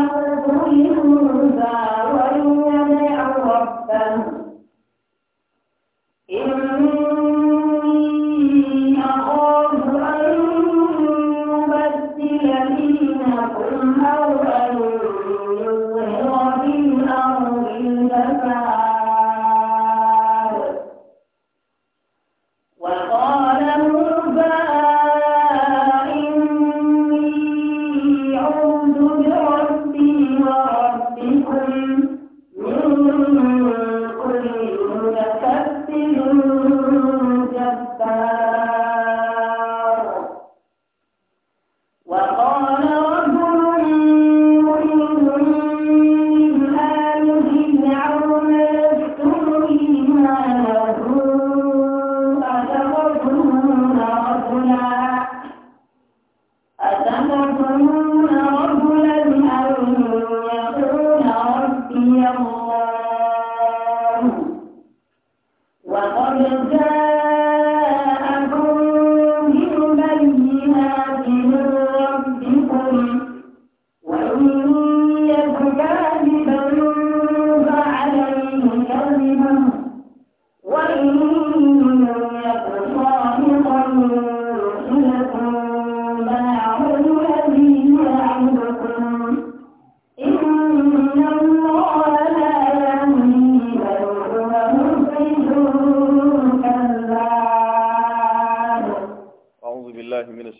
يخلق ويدعو ربه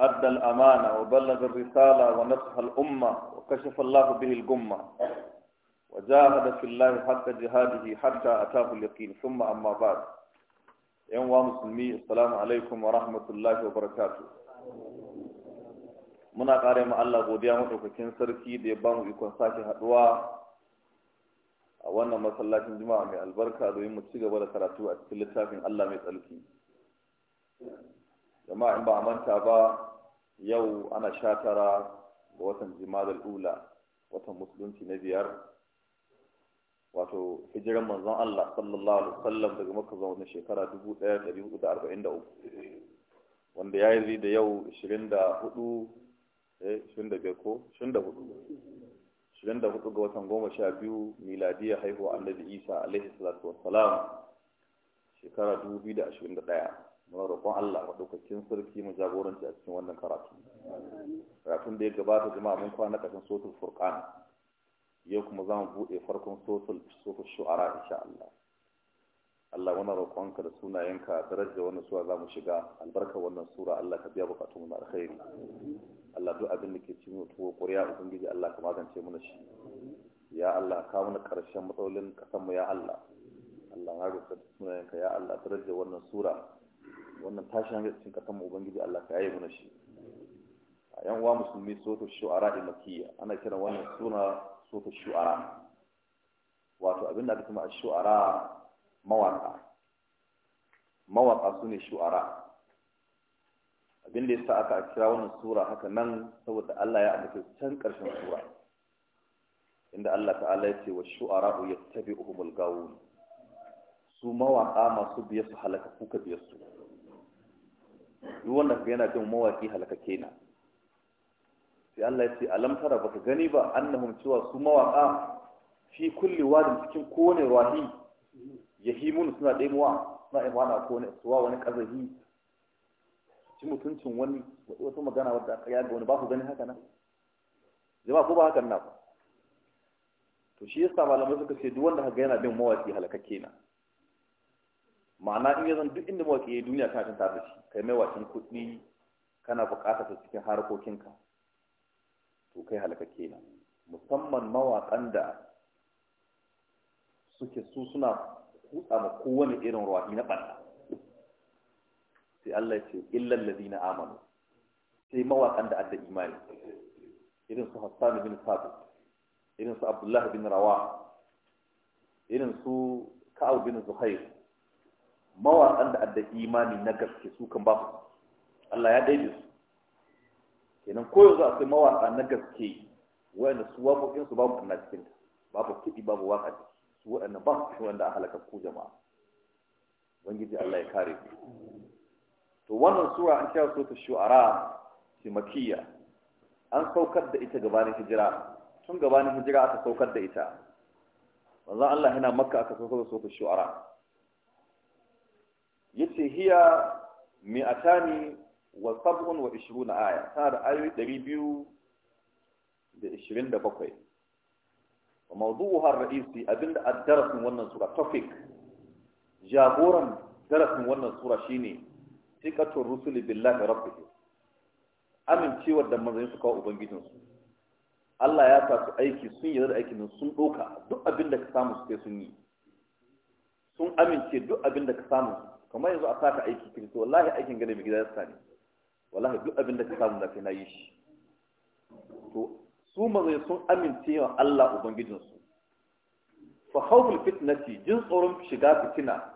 أدى الأمانة وبلغ الرسالة ونصح الأمة وكشف الله به الجمة وجاهد في الله حق جهاده حتى أتاه اليقين ثم أما بعد يوم مسلمي السلام عليكم ورحمة الله وبركاته muna ƙare ma Allah godiya maɗaukakin sarki da ya bamu ikon sake haɗuwa a wannan masallacin jima'a mai albarka domin mu ci gaba da karatu a cikin littafin Allah mai tsarki jama'a in ba a manta ba yau ana sha tara ga watan jimadar ula watan musulunci na biyar wato hijiran manzon Allah sallallahu alaihi wasallam daga makka zuwa wannan shekara 1443 wanda ya yi da yau 24 eh 25 ko 24 24 ga watan 12 miladiyya haihuwa annabi Isa alaihi salatu wassalam shekara 2021 muna roƙon Allah maɗaukakin sarki mu jagoranci a cikin wannan karatu karatun da ya gabata jama'a mun kwana ƙarshen sotul furqan yau kuma za mu buɗe farkon sotul sotul shu'ara insha Allah Allah muna roƙonka da sunayenka daraja wannan sura za mu shiga albarka wannan sura Allah ka biya bukatun mu alkhairi Allah duk abin da ke cikin mutuwa ƙuriya ubangiji Allah ka magance mana shi ya Allah ka mana ƙarshen matsalolin ƙasar mu ya Allah Allah na roƙa sunayenka ya Allah daraja wannan sura wannan tashin hankali cikin kasan mu ubangiji Allah ka yi mana shi a yan uwa musulmi sotu shu'ara da makiyya ana kiran wannan suna sotu shu'ara wato abin da aka kuma shu'ara mawaka mawaka su ne shu'ara abin da yasa aka kira wannan sura haka nan saboda Allah ya amince can karshen sura inda Allah ta'ala ya ce wa shu'ara yattabi'uhumul gawun su mawaka masu biye su halaka kuka biye su duk wanda ka yana jin mawaki halakake na sai Allah ya ce alam tara baka gani ba annahum cewa su mawaka fi kulli wadin cikin kowane rahi yahimun suna daimuwa suna imana ko kowane suwa wani kazahi ci mutuncin wani wata magana wadda aka yaga wani ba ku gani haka nan jama'a ko ba hakan na to shi yasa malamai suka ce duk wanda haka yana bin mawaki halakake na ma'ana in zan duk inda mawaƙi ya duniya kana cin tafi shi kai mai wasan kuɗi kana buƙatar ta cikin harkokinka to kai halaka kenan musamman mawaƙan da suke su suna kutsa ma kowane irin ruwa na ɓanna sai Allah ce ce illal na amanu sai mawaƙan da adda imani irin su Hassan bin Sabit irin su abdullahi bin Rawa irin su Ka'ab bin Zuhair mawaƙan da adda imani na gaske su kan ba su Allah ya daidai su kenan ko yanzu akwai mawaƙa na gaske wanda su waƙoƙin su babu kanna cikin babu kuɗi babu waƙa su wanda ba su wanda a halaka ko jama'a ubangiji Allah ya kare su. to wannan sura an kira sura shu'ara fi makiyya an saukar da ita gabanin hijira tun gabanin hijira aka saukar da ita Wanzan Allah yana makka aka saukar da sura shu'ara yace hiya mi'atani wa sab'un wa ishruna aya tana da ayoyi ɗari biyu da ishirin da bakwai wa mawdu'uha ra'isi abinda addarasin wannan sura topic jagoran darasin wannan sura shine siqatul rusuli billahi rabbihim amincewar da manzanni suka wa ubangijinsu Allah ya sa su aiki sun yarda da aikin sun ɗauka duk abin da ka samu su sun yi sun amince duk abin da ka samu kamar yanzu a saka aiki kirki wallahi aikin gane mai gida ya sani wallahi duk abin da ka samu da kai na yi shi to su mazai sun amince wa Allah ubangijinsu fa khawful fitnati jin tsoron shiga fitina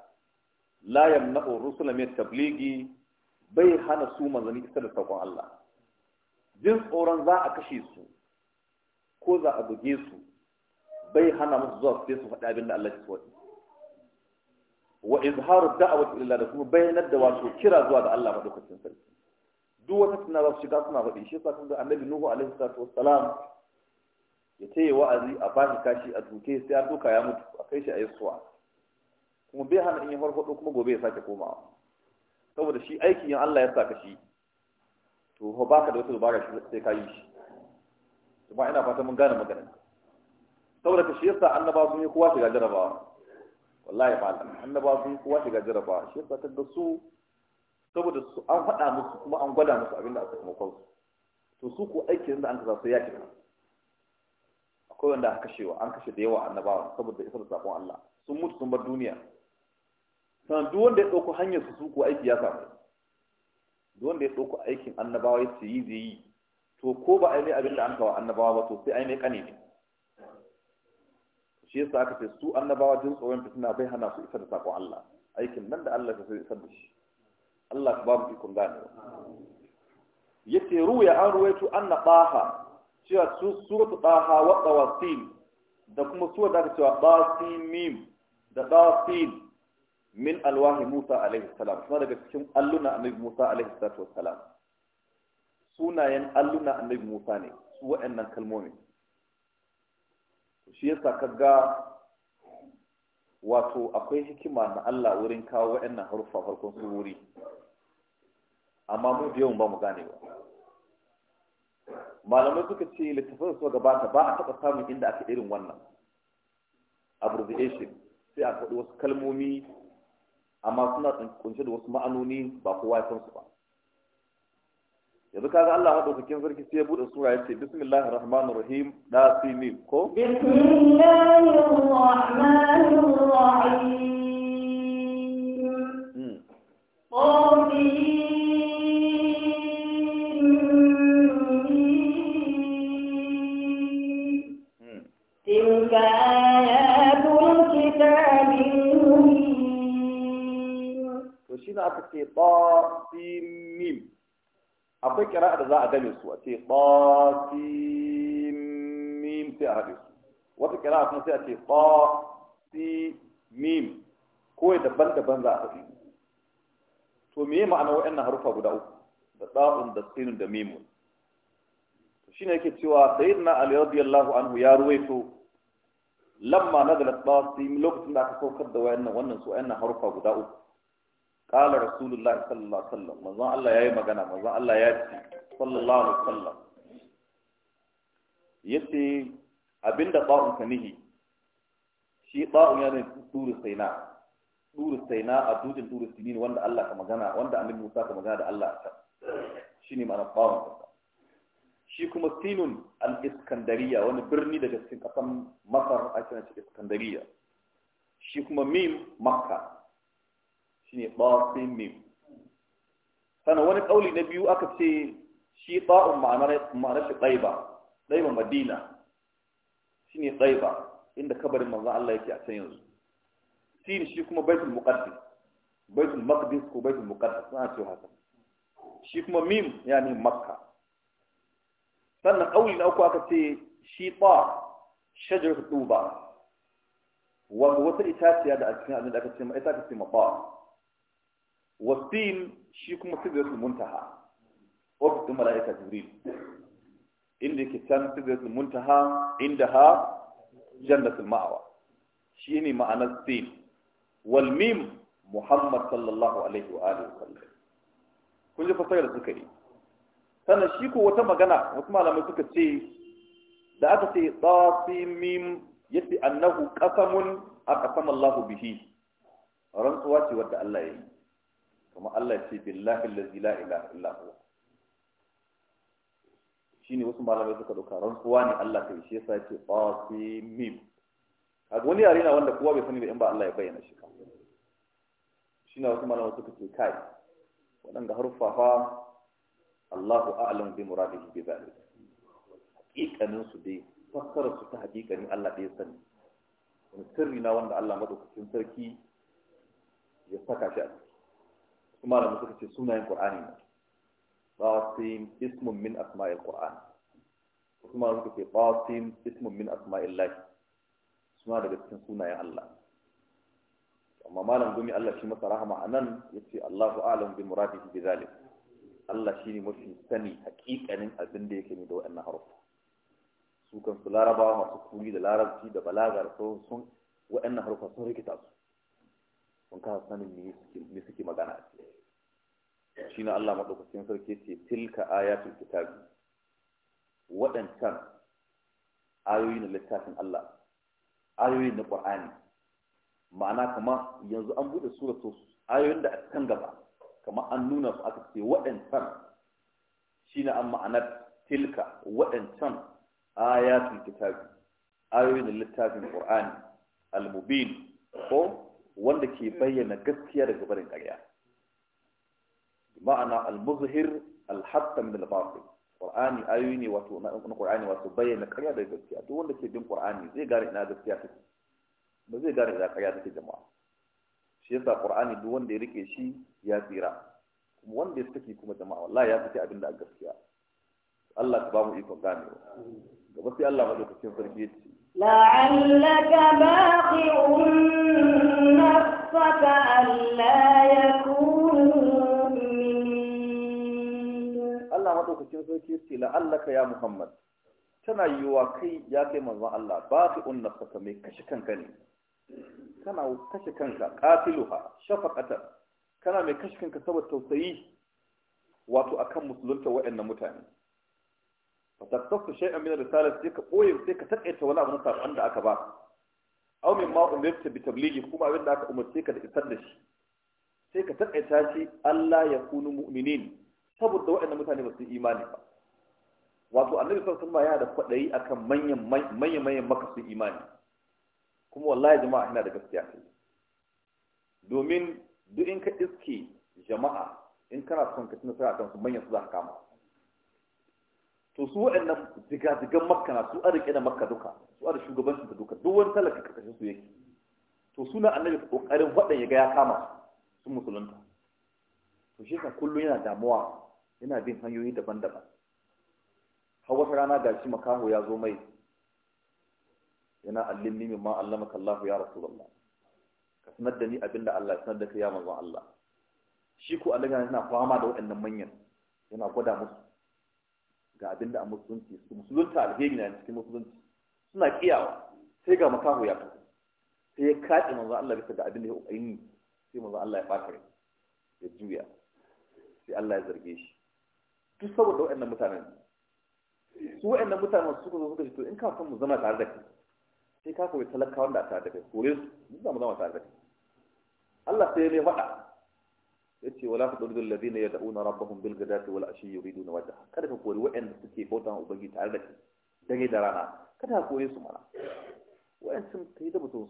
la yamna'u rusula min tabligi bai hana su manzanni isa da sakon Allah jin tsoron za a kashe su ko za a buge su bai hana musu zuwa su faɗi abin da Allah ya faɗi wa izharu da'wati ila da kuma bayanar da wato kira zuwa ga Allah madaukakin sarki duk wata suna za su shiga suna faɗi shi yasa kun ga annabi nuhu alaihi salatu wassalam ya ce wa'azi a bashi kashi a duke sai an duka ya mutu a kai shi a yi kuma bai hana in ya farfaɗo kuma gobe ya sake komawa saboda shi aikin yin Allah ya saka shi to ho baka da wata dubara shi sai ka yi shi to ba ina fata mun gane maganar saboda ka shi yasa annaba sun yi kowa shiga jarabawa wallahi malam annaba sun kowa shiga jaraba shi yasa kaga su saboda su an faɗa musu kuma an gwada musu abinda aka kuma su to su ko aikin da an kaza su ya ka. akwai wanda aka kashewa an kashe da yawa annabawa saboda isar da sakon Allah sun mutu sun bar duniya sannan duk wanda ya ɗauko hanyar su su ko aiki ya samu duk wanda ya ɗauko aikin annabawa ya ce yi zai yi to ko ba a yi abin da an kawo annabawa ba to sai a yi mai ƙane ne shi yasa aka ce su annabawa jin tsoron fitina bai hana su isar da sakon Allah aikin nan da Allah ka sai isar da shi Allah ka babu ikon gane yace ruya an ruwaito anna baha cewa su suratu baha wa tawasil da kuma suwa da aka cewa basin mim da basin min alwahi Musa alaihi salam kuma daga cikin alluna annabi Musa alaihi salatu wassalam sunayen alluna annabi Musa ne su wa'annan kalmomin shi yasa ga wato akwai hikima na Allah wurin kawo wa'annan haruffa farkon wuri, amma mu da yawan ba mu gane ba malamai suka ce littafin su gabata ba a taɓa samun inda aka irin wannan abbreviation sai a faɗi wasu kalmomi amma suna kunshe da wasu ma'anoni ba kowa ya san su ba yanzu kaga Allah madaukakin sarki sai ya bude sura yace bismillahir rahmanir rahim da simin ko bismillahir rahmanir rahim قافين تلك آيات الكتاب المبين وشين أتكي طاسين akwai kira'a da za a game su a ce qasimim sai a haɗe su wata kira'a kuma sai a ce mim ko daban-daban za a faɗi to me ma'ana wa'annan harufa guda uku da tsa'un da sinun da mimun shine yake cewa sayyidina ali radiyallahu anhu ya ruwaito lamma na nazalat qasim lokacin da aka saukar da wayannan wannan su wayannan harufa guda uku qala rasulullahi sallallahu alaihi wasallam manzon Allah yayi magana manzon Allah ya ce sallallahu alaihi wasallam yace abinda ba'un kanihi shi ba'un yana duru saina duru saina a dudin duru sinin wanda Allah ka magana wanda annabi Musa ka magana da Allah ta shine ma'ana ba'un shi kuma sinun al-iskandariya wani birni daga cikin kasan masar a cikin iskandariya shi kuma makka shine basimim sannan wani kauli na biyu aka ce shi ta'un ma'anar ma'anar shi ɗaiba ɗaiba madina shine ɗaiba inda kabarin manzon Allah yake a can yanzu sin shi kuma baitul muqaddas baitul maqdis ko baitul muqaddas suna cewa haka shi kuma mim ya yani makka sannan kauli na uku aka ce shi ta shajar duba wato wata itaciya da a cikin abin da aka ce ma ita aka ce ma ba wasil shi kuma sidratul muntaha ofis din mala'ika jibril inda yake can sidratul muntaha inda ha jannatul ma'awa shi ne ma'anar sin wal mim muhammad sallallahu alaihi wa alihi wasallam kun ji fasara da suka yi sannan shi ko wata magana wasu malamai suka ce da aka ce tsasimim yace annahu a aqsama Allahu bihi rantsuwa ce wadda Allah ya yi kuma Allah ce billahi allazi la ilaha illa huwa shine wasu malamai suka dauka rantsuwa ne Allah kai shi yasa yace qasimim kaga wani yare na wanda kowa bai sani ba in ba Allah ya bayyana shi Shi shine wasu malamai suka ce kai wadanga haruffa fa Allahu a'lam bi muradihi bi zalik hakikanin su dai fassara su ta hakikanin Allah da ya sani wani sirri na wanda Allah madaukakin sarki ya saka shi a kuma da suka ce sunayen qur'ani ne qasim ismun min asma'il qur'an kuma suka ce qasim ismun min asma'illah suna daga cikin sunayen Allah amma malam gumi Allah shi masa rahama anan yace Allahu a'lam bi muradihi bi zalik Allah shi ne mafi sani hakikanin abin da yake ne da wannan harufa su kan su larabawa masu kuri da larabci da balaga da sauran sun wa'annan harufa sun rikita su sun kasa sanin me suke magana a cikin shi na Allah maɗaukacin sarki ce tilka ayatul kitabi waɗancan ayoyi na littafin Allah ayoyi na ƙur'ani ma'ana kama yanzu an buɗe suratu ayoyin da a can gaba kama an nuna su aka ce waɗancan shi na an ma'anar tilka waɗancan ayatul kitabi ayoyi na littafin ƙur'ani al-mubin ko wanda ke bayyana gaskiya daga barin ƙarya ma'ana al-muzhir al-hattam bil batil qur'ani ayoyi ne wato na qur'ani wato bayyana ƙarya da gaskiya duk wanda ke bin qur'ani zai gane ina gaskiya take ba zai gane ina ƙarya take jama'a shi yasa qur'ani duk wanda ya rike shi ya tsira kuma wanda ya saki kuma jama'a wallahi ya fita abin da gaskiya Allah ka ba mu ikon ganewa gaba sai Allah madaukakin sarki ya ce لعلك باقع نفسك ألا يكونوا Allah madaukakin sarki ce la'allaka ya Muhammad tana yiwuwa kai ya kai manzon Allah ba fi unna saka mai kashe kanka ne kana kashe kanka qatiluha shafaqatan kana mai kashe kanka saboda tausayi wato akan musulunta wa'annan mutane fataktasu shay'an min risalati sai ka boye sai ka takaita wani abu na da aka ba aw min ma umirta bi tablighi kuma abin da aka umarce ka da isar da shi sai ka takaita shi Allah ya kunu mu'minin saboda waɗannan mutane ba su imani ba wato annabi sallallahu alaihi yana da kwadayi akan manyan manyan manyan makasin imani kuma wallahi jama'a ina da gaskiya kai domin duk in ka iske jama'a in kana son ka tuna sai kan su manyan su za ka kama to su waɗannan diga-digan makka na su arike da makka duka su ar shugabancin da duka duk wani talaka kashe su yake to suna annabi kokarin waɗanda ya ga ya kama su musulunta to shi ka kullum yana damuwa yana bin hanyoyi daban-daban har wata rana ga shi makaho ya zo mai yana allimni min ma allama kallahu ya rasulullah ka sanar da ni abinda Allah ya sanar da kai ya manzon Allah shi ko Allah yana fama da waɗannan manyan yana gwada musu ga abinda a musulunci su musulunta alheri na cikin musulunci suna kiyawa sai ga makaho ya fito sai ya kaɗe manzon Allah bisa ga abinda ya yi sai manzon Allah ya fata ya juya sai Allah ya zarge shi duk saboda waɗannan mutanen su waɗannan mutanen suka zo suka ce to in ka san mu zama tare da kai sai ka koyi talakawan da tare da kai kore su mu zama zama tare da kai Allah sai ya faɗa yace wala tudul ladina yad'una rabbahum bil ghadati wal ashi yuriduna wajha kada ka kori waɗanda suke bauta wa ubangi tare da kai dare da rana kada ka kore su mana waɗancan kai da mutum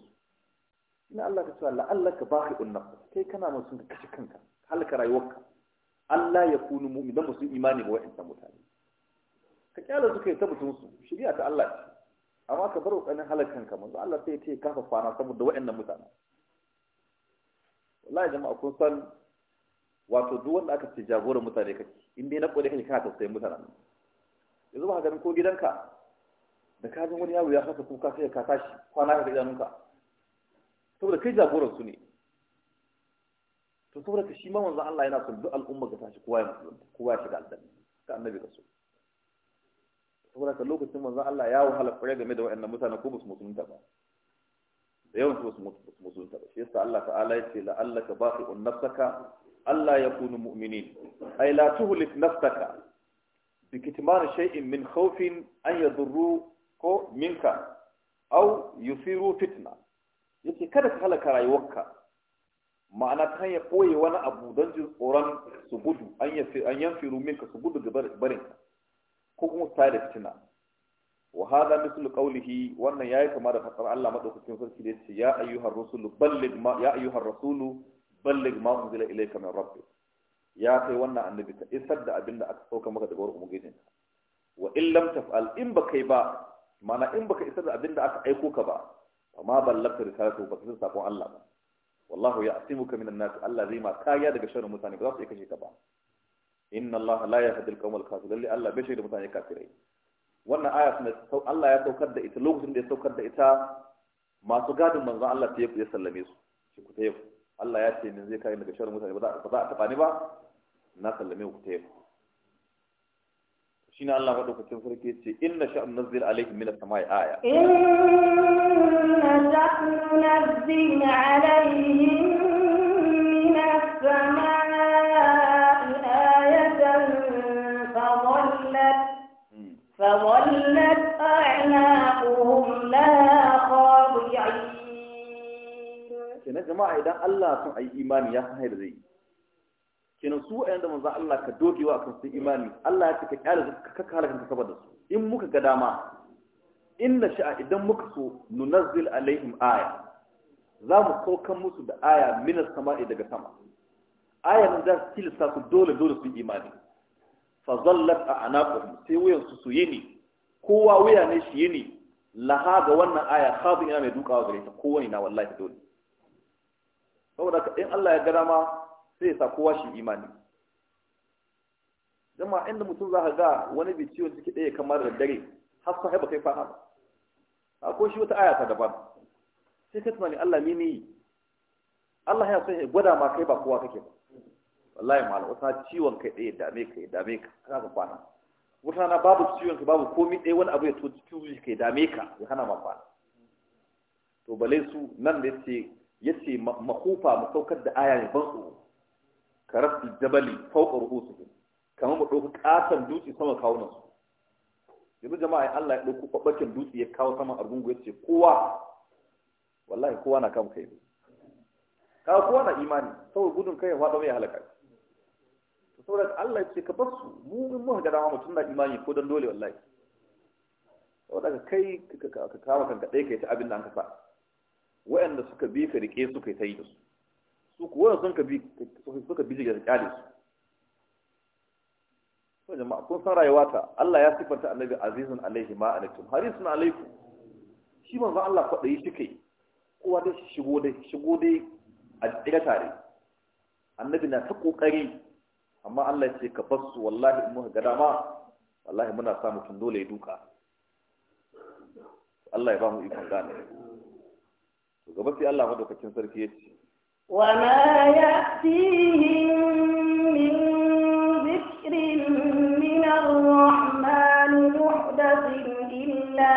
su ina Allah ka cewa la'allaka baqi'un nafs kai kana mun sun kashe kanka halaka rayuwarka Allah ya kunu mu'min idan musu imani ba wa'in mutane ka kyala su yi ta mutunsu shirya ta Allah ce amma ka bar ƙanin halakkan ka manzo Allah sai ya ce kafa kwana saboda wa'annan mutane wallahi jama'a kun san wato duk wanda aka ce jagoran mutane kake in dai na kore kake ka tausayin mutanen yanzu ba ganin ko gidanka da ka wani yaro ya haka kuka sai ka tashi kwana ka da idanunka saboda kai jagoran su ne to saboda ka shi ma manzon Allah yana son duk al'umma ka tashi kowa ya musulunta kowa ya shiga aljanna ka annabi ka so saboda ka lokacin manzon Allah ya wahala kwarai game da waɗannan mutanen ko ba su musulunta ba da yawan su ba su musulunta ba shi yasa Allah ta'ala ya ce la'allaka baqi'un nafsaka Allah ya kunu mu'minin ay la tuhlik nafsaka bi kitman shay'in min khawfin an yadurru ko minka aw yusiru fitna yace kada ka halaka rayuwarka ma'ana ta hanyar ɓoye wani abu don jin tsoron su gudu an yanfiru ka su gudu ga barinka ko kuma su da fitina wa hada mislu qawlihi wannan yayi kama da fadar Allah madaukakin sarki da yace ya ayyuhar rusulu balligh ma ya ayyuhar rasulu balligh ma unzila ilayka min rabbik ya kai wannan annabi ka isar da abinda aka sauka maka daga wurin ubangijin wa in lam taf'al in ba kai ba mana in baka isar da abinda aka aiko ka ba amma ballagta risalatu baka isar sakon Allah ba wallahu ya ya'timuka minan nas Allah zai ma kariya daga sharrin mutane ba za su iya kashe ka ba inna Allah la yahdi al-qawmal kafirin lalle Allah bai shaida mutane kafirai wannan aya sun Allah ya saukar da ita lokacin da ya saukar da ita masu gadin manzon Allah ta ya sallame su shi ku tayi Allah ya ce min zai kare daga sharrin mutane ba za a taba ni ba na sallame ku ta tayi shine Allah madaukakin sarki yace inna sha'an nazzil alaihim min as-sama'i aya inna sha'an nazzil alaihim min as-sama'i ayatan fadallat fadallat a'naquhum laha khadi'in kenan jama'a idan Allah sun ayi imani ya san hayar zai yi kenan su a yanda manzo Allah ka dogewa kan su imani Allah ya ce ka kyale su ka kala kanka saboda su in muka ga dama inna sha'a idan muka so nunazzil alaihim aya za mu saukan musu da aya minas sama'i daga sama aya nan za su tilasta su dole dole su imani fa zallat a anaqum sai wuyan su su yini kowa wuya ne shi yini laha ga wannan aya khadin ina mai dukawa gare ta kowa na wallahi dole saboda in Allah ya ga dama sai sa kowa shi imani jama'a inda mutum za ka ga wani bi ciwon ciki ɗaya kamar da dare har sai ba kai fara ba ko shi wata aya ta daban sai ka tunani Allah ne ne Allah ya san gwada ma kai ba kowa kake ba wallahi malam wata ciwon kai ɗaya dame ka ya dame ka kana ka kwana wata na babu ciwon ka babu komai ɗaya wani abu ya to cikin zuciya ka dame ka ya kana ma kwana to bale su nan da yace yace makufa mu saukar da aya ne ban tsoro ka rafi jabali fawqa ru'usihim kamar mu dauki katon dutse sama kawunan su yanzu jama'a Allah ya dauko babbakin dutse ya kawo sama argungu ya ce kowa wallahi kowa na kama kai ka kowa na imani saboda gudun kai ya faɗa mai halaka to saboda Allah ya ce ka bar su mu mun mu ga dama mutum na imani ko dan dole wallahi saboda kai ka kama kanka dai kai ta abin da an ka sa suka bi ka rike su kai ta yi da su su kuwa sun ka bi suka bi daga kyale su to jama'a kun san rayuwa ta Allah ya sifanta annabi azizun alaihi ma alaikum harisun alaikum shi manzo Allah kwadayi shi kai kowa dai shigo dai shigo dai a tsira tare annabi na ta kokari amma Allah ya ce ka basu wallahi in muka ga dama wallahi muna sa mutum dole ya duka Allah ya ba mu ikon gane to gaba sai Allah madaukakin sarki ya ce وما يأتيهم من ذكر من الرحمن محدث إلا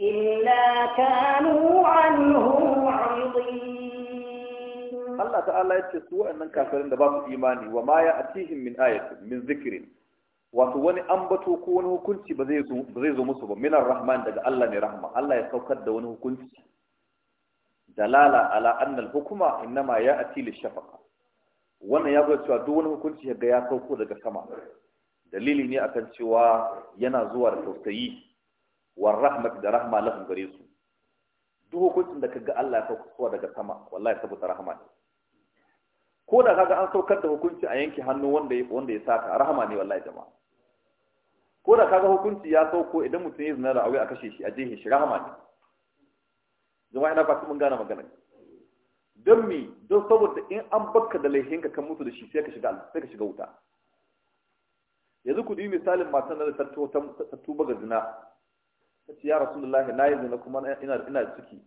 إلا كانوا عنه معرضين الله تعالى يتسوى أن كافرين دباب إيماني وما يأتيهم من آية من ذكر wato wani ambato ko wani hukunci ba zai zo musu ba minar rahman daga Allah ne rahma Allah ya saukar da wani hukunci dalala ala annal hukuma innama ya ati li shafaqa wannan ya gwada cewa duk wani hukunci ga ya sauko daga sama dalili ne akan cewa yana zuwa da tausayi war rahmat da rahma lahum gare su duk hukuncin da kaga Allah ya sauko daga sama wallahi saboda rahma ne ko da kaga an saukar da hukunci a yanke hannu wanda wanda ya saka rahma ne wallahi jama'a ko da kaga hukunci ya sauko idan mutum ya zina da aure a kashe shi a jehe shi rahma ne jama'a ina fata mun gane magana don mi don saboda in an baka da laihinka kan mutu da shi sai ka shiga sai ka shiga wuta yanzu ku yi misalin matan da ta tuba ga zina ta ce ya rasulullahi na yi zina kuma ina da ciki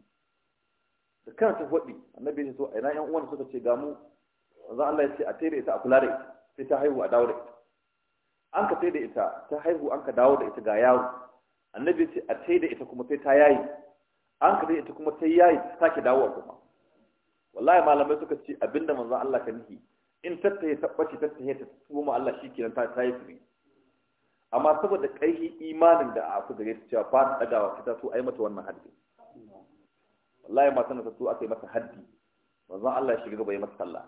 da kan ta faɗi annabi ya ce a ina yan uwan suka ce ga mu manzo Allah ya ce a tare ita a kula da ita sai ta haihu a dawo da ita an ka tsaye da ita ta haihu an ka dawo da ita ga yaro annabi ya ce a tsaye da ita kuma sai ta yayi an ka ita kuma ta yayi ta sake dawowa kuma wallahi malamai suka ce abinda manzo Allah ka nihi in tattaye tabbaci tattaye ta tsoma Allah shi shikenan ta yi su amma saboda ƙarfi imanin da aku gare ta cewa ba ta dagawa ta so ai mata wannan haddi wallahi matan ta so aka yi mata haddi manzo Allah ya shiga gaba ya mata sallah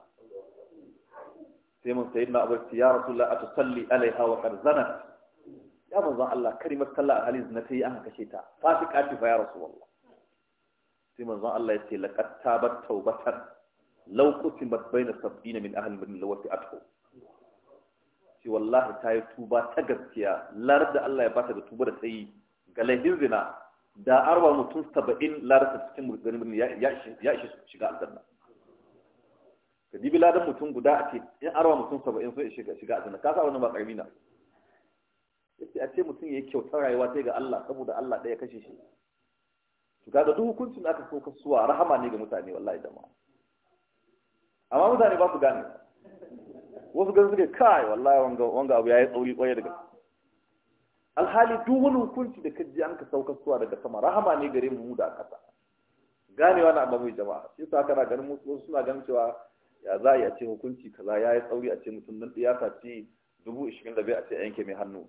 sai mun sayi na abarci ya rasulullah atusalli alaiha wa qad zanat ya manzo Allah karimar sallah a halin zina ta yi an kashe ta fasika ce fa ya rasulullah sai manzon Allah ya ce laqad tabat tawbatan law qutimat baina sab'ina min ahli madina lawati athu shi wallahi ta yi tuba ta gaskiya lar da Allah ya bata da tuba da tsayi, ga laifin zina da arba mutum saba'in larasa cikin murgani ya ishe shiga aljanna ka dibi ladan mutum guda a ce in arba mutum saba'in sai ishe shiga aljanna ka sa wani ba karmi na yace a ce mutum ya yi kyautar rayuwa sai ga Allah saboda Allah ɗaya kashe shi to kaga duk hukuncin aka so kasuwa rahama ne ga mutane wallahi da ma amma mutane ba su gane wasu ganin suke kai wallahi wanga wanga abu yayi tsauri kwaye daga alhali duk wani hukunci da kaji an ka sauka suwa daga sama rahama ne gare mu da kasa gane na abu mai jama'a shi sa kana ganin wasu suna ganin cewa ya za a ce hukunci kaza ya yi tsauri a ce mutum nan ya sace dubu ishirin da bai a ce yanke mai hannu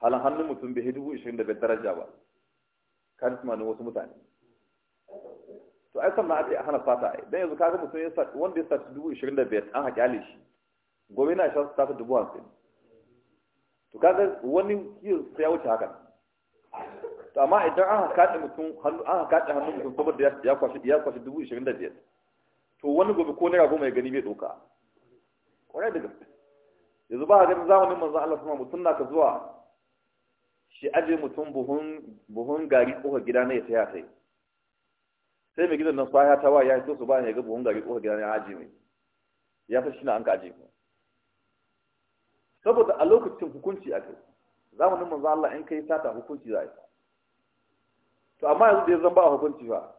halin hannun mutum bai dubu ishirin da bai daraja ba kan tunanin wasu mutane to ai sannan a hana fata ai dan yanzu kaga mutum ya sa wanda ya sa dubu ishirin da biyar an haƙi shi gobe na shan sa dubu hamsin to kaga wani kiyo sai ya wuce haka to amma idan an kaɗe mutum hannu an kaɗe hannu mutum saboda ya kwashi ya kwashi dubu ishirin da biyar to wani gobe ko naira goma ya gani bai ɗauka kwarai da gaske yanzu ba a ganin zamanin manzon Allah sama mutum na ka zuwa shi aje mutum buhun buhun gari ƙofar gida na ya taya sai sai mai gidan nan kwaya ta waya ya so su ba ya ga buhun gari ƙofar gidan ya aji mai ya fi shi na an kaji saboda a lokacin hukunci a kai zamanin manzo Allah in kai sata hukunci za a yi to amma yanzu da ya zan ba a hukunci ba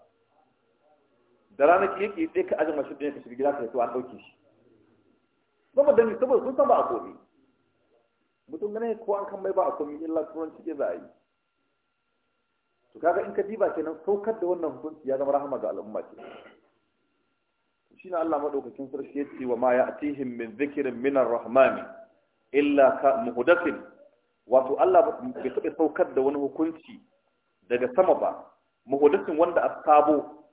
da ranar yake sai ka ajin mashi ɗaya ka shiga gida ka hito an ɗauke shi saboda ni saboda sun san ba a komi mutum ganin ko an kan mai ba a komi illa turanci ke za a yi to kaga in ka diba kenan saukar da wannan hukunci ya zama rahama ga al'umma ce shine Allah madaukakin sarki ya ce wa ma ya'tihim min dhikrin min ar-rahman illa ka muhdathin wato Allah bai taɓa saukar da wani hukunci daga sama ba muhdathin wanda asabo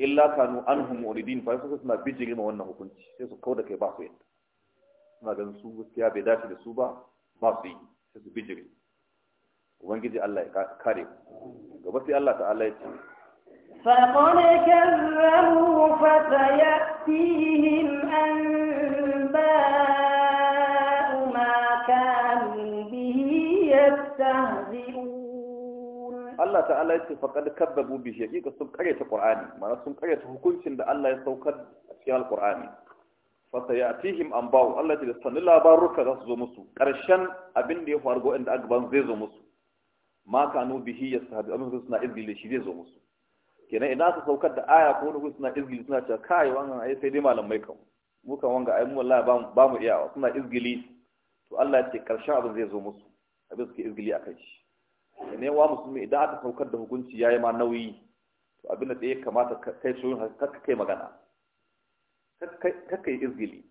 illa kanu anhum muridin fa su suna bijiri ma wannan hukunci sai su kauda kai ba su yadda suna ganin su gaskiya bai dace da su ba ba su yi sai su bijiri ubangiji Allah ya kare gaba sai Allah ta'ala ya ce فقد كذبوا فسيأتيهم أنباء ما كانوا به يستهزئون الله تعالى يقول فقد كذبوا به يقول سن قرية القرآن ما سن قرية حكم da Allah ya saukar في القرآن fasayatihim anba'u Allah ya sani labaruka za su zo musu karshen abinda ya faru ga inda aka zai zo musu ma nu bihi yastahabi abin suna izgili shi zai zo musu kenan idan aka saukar da aya ko wani suna izgili suna cewa kai wannan ai sai dai malamai kan mu kan wanga ai mu wallahi ba mu iyawa suna izgili to Allah ya ce karshen abin zai zo musu abin suke izgili a kai shi ne wa musulmi idan aka saukar da hukunci yayi ma nauyi to abin da ya kamata kai shoyin kakka kai magana kai kai izgili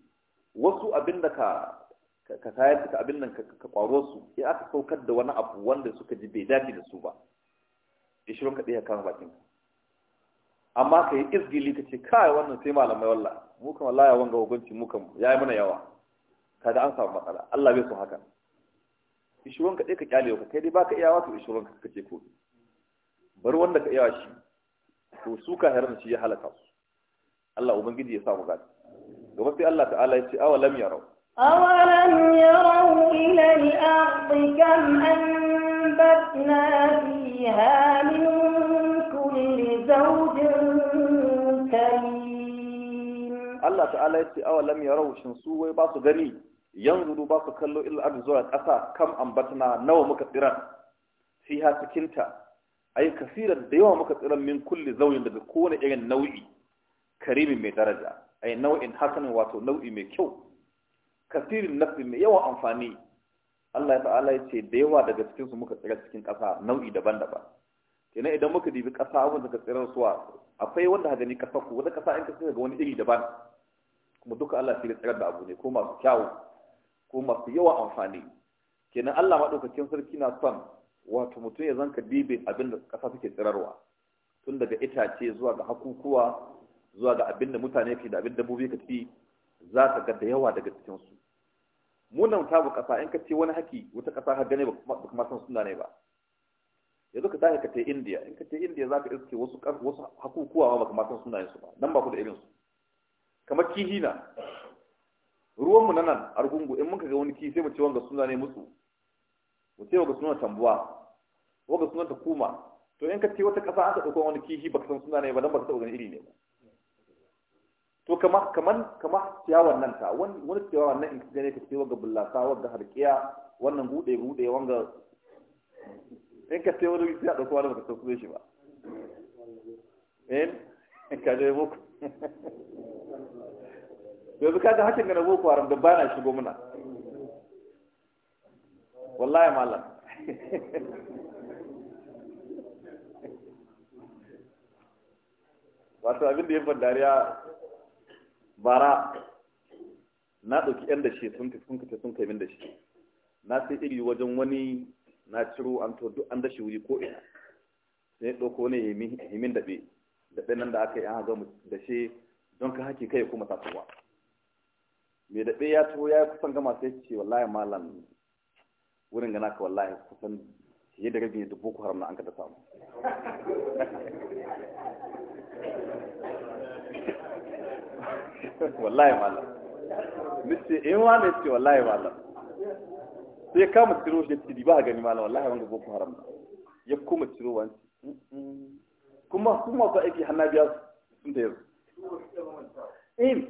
wasu abin da ka ka sayar da abin nan ka kwaro su ya aka saukar da wani abu wanda suka ji bai dace da su ba ya shirin ka ɗaya kama bakin ka amma ka yi izgili ka ce kawai wannan sai malamai walla mu kan wallahi wanga hukunci mu kan ya yi mana yawa Ka ga an samu matsala Allah bai so haka ishirin ka ɗaya ka kyale ka kai dai baka iyawa to ishirin ka kace ko bar wanda ka iyawa shi to su ka herar shi ya halaka su Allah ubangiji ya samu gadi gaba sai Allah ta'ala ya ce awalam yarau أولم يروا إلى الأرض كم أنبتنا فيها من كل زوج كريم الله تعالى يتي أولم يروا شنسوه باسو غني yanzu ba su kallo ilal ardi zuwa ƙasa kam ambatna nawa muka tsiran fiha cikinta ai kasiran da yawa muka tsiran min kulli zaujin daga kowane irin nau'i karimin mai daraja ai nau'in hasanin wato nau'i mai kyau kasirin nafi mai yawan amfani Allah ya ta'ala ya ce da yawa daga cikin su muka tsira cikin ƙasa nau'i daban-daban kenan idan muka dibi ƙasa abin da ka tsira su, akwai wanda ka gani kasa ku wata ƙasa in ka tsira ga wani iri daban kuma duka Allah ya tsirar da abu ne ko masu kyawu ko masu yawan amfani kenan Allah madaukakin sarki na son wato mutum ya zanka dibe abin da ƙasa take tsirarwa tun daga itace zuwa ga hakukuwa zuwa ga abin da mutane ke da abin dabbobi ka ci za ka ga da yawa daga cikin su munan ta bu kasa in ka ce wani haki wata kasa har gane ba kuma san suna ne ba yanzu ka tashi ka ce India in ka ce India za ka iske wasu wasu hakukuwa ba kuma san sunayen su ba nan ba ku da irin su kamar kihi na ruwan mu nan argungu in muka ga wani kihi sai mu ce wanga suna ne musu mu ce wanga suna tambuwa wanga suna ta kuma to in ka ce wata kasa an ka dauko wani kihi ba san suna ne ba dan baka taba ganin iri ne ba to kamar kamar kamar ciyawar nan ta wani ciyawar nan in ka gane ka ce wanga bullasa wadda harkiya wannan gude gude wanga in ka ce wani ya a dauko wani baka san sunan shi ba in eh? ka je boko yanzu ka ga hakin ga boko haram da bana shigo muna wallahi malam wato abin da ya ban dariya bara na ɗauki yan da shi sun ka sun kai min da shi na sai iri wajen wani na ciro an to duk an da shi wuri ko ina sai ɗauko ne himin daɓe daɓe nan da aka yi an haga da shi don ka haƙi kai kuma tasowa mai daɓe ya ciro ya kusan gama sai ce wallahi malam wurin gana ka wallahi kusan yadda da rabin da boko haram na an ka ta samu wallahi malam nace eh, in wa ne ce wallahi malam sai ka mu ciro shi tidi ba gani malam wallahi wanga boko haram ya kuma ciro wani kuma su masu aiki hana biya sun da yanzu in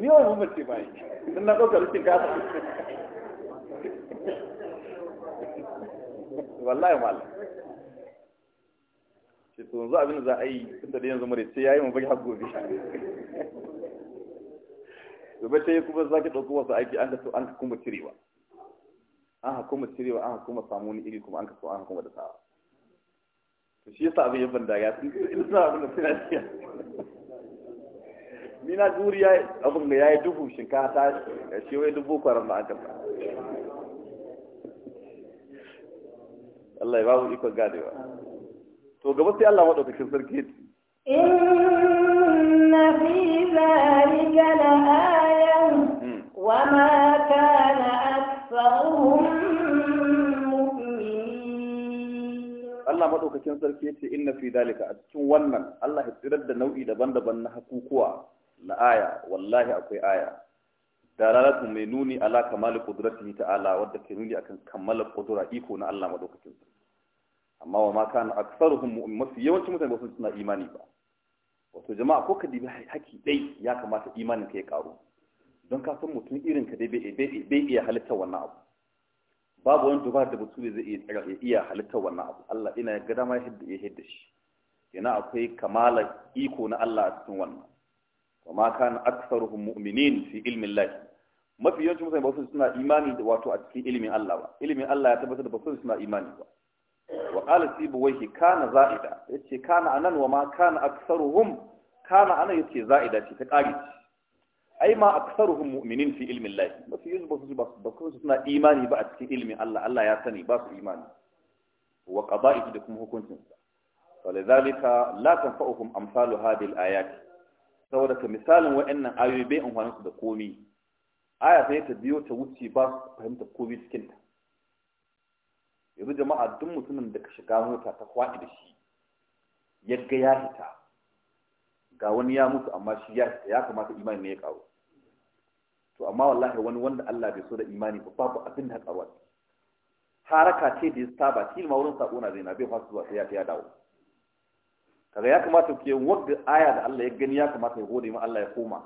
ni wani mamace ba yi don na ɗaukar rikin kasa wallahi malam ce to yanzu abin da za a yi tun da yanzu mare sai yayi mu bari har gobe gobe bace yi kuma za ki ɗauko wasu aiki an ka so an ka kuma cirewa an ka kuma cirewa an ka kuma samu wani iri kuma an ka so an ka kuma da sawa to shi yasa abin ya banda ya sun suna abin da suna ciya ni na ya abin da ya yi duhu shinkafa ta shi wai dubu kwaran da aka Allah ya ba mu ikon gadewa. to gaba sai Allah madaukakin sarki yace inna fi zalika la'ayan hmm. wa ma kana aktharuhum Allah madaukakin sarki yace inna fi zalika a cikin wannan Allah ya tsirar da nau'i daban-daban na hakukuwa na aya wallahi akwai aya dalalatu mai nuni ala kamali qudratihi ta'ala wadda ke nuni akan kammala qudura iko na Allah madaukakin sarki amma wa ma kana aktsaruhum mu'min mafi yawancin mutane ba su suna imani ba wato jama'a ko ka dibi haki dai ya kamata imanin ka ya karu don ka san mutum irin ka dai bai iya halittar wannan abu babu wani dubar da mutum zai iya tsara ya iya halittar wannan abu Allah ina ga dama ya hidda shi yana akwai kamala iko na Allah a cikin wannan wa ma kana aktsaruhum mu'minin fi ilmi Allah mafi yawancin mutane ba su suna imani da wato a cikin ilimin Allah ba ilimin Allah ya tabbatar da ba su suna imani ba wa qala sibawayhi kana za'ida yace kana anan wa ma kana aktsaruhum kana anan yace za'ida ce ta kage ai ma aktsaruhum mu'minin fi ilmi Allah ba su yuzu ba su ba su suna imani ba a cikin ilmin Allah Allah ya sani ba su imani wa qada'ihi da kuma hukuncin sa walidhalika la tanfa'uhum amsalu hadhihi al-ayat saboda ka misalin wa'annan ayoyi bai amfanin su da komi aya sai ta biyo ta wuce ba su fahimta komi cikin ta yanzu jama'a duk mutumin da ka shiga mota ta kwaɗi da shi ya ga ya hita ga wani ya mutu amma shi ya hita ya kamata imani ne ya ƙaru to amma wallahi wani wanda Allah bai so da imani ba babu abin da ƙaru haraka ce da ya saba shi ma wurin sako na zaina bai fasu zuwa sai ya ya dawo kaga ya kamata ke wanda aya da Allah ya gani ya kamata ya gode ma Allah ya koma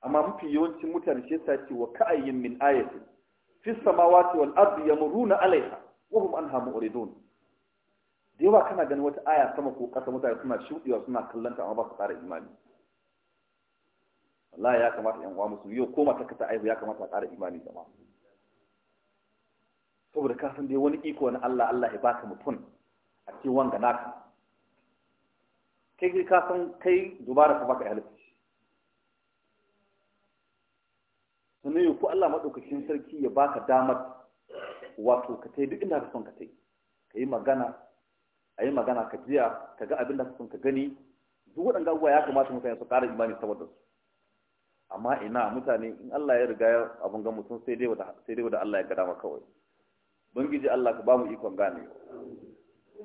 amma mafi yawancin mutane shi yasa ce wa ka'ayyin min ayatin fi samawati wal ardi yamuruna alaiha wa hum anha mu'ridun da yawa kana ganin wata aya sama ko kasa mutane suna shuɗewa suna kallanta amma ba su fara imani wallahi ya kamata yan uwa musu yau koma ta kata aihu ya kamata a ƙara imani jama'a saboda ka san dai wani iko na Allah Allah ya baka mutum a cikin wanga naka kai ka san kai dubara ka baka halitta sannan ya ku Allah maɗaukakin sarki ya baka damar wato ka tai duk inda ka son ka tai ka yi magana a yi magana ka jiya ka ga abin da ka son ka gani duk waɗanda abubuwa ya kamata mutane su ƙara imani saboda su amma ina mutane in Allah ya riga abin ga mutum sai dai wada sai dai wata Allah ya gada ma kawai bangiji Allah ka ba mu ikon gane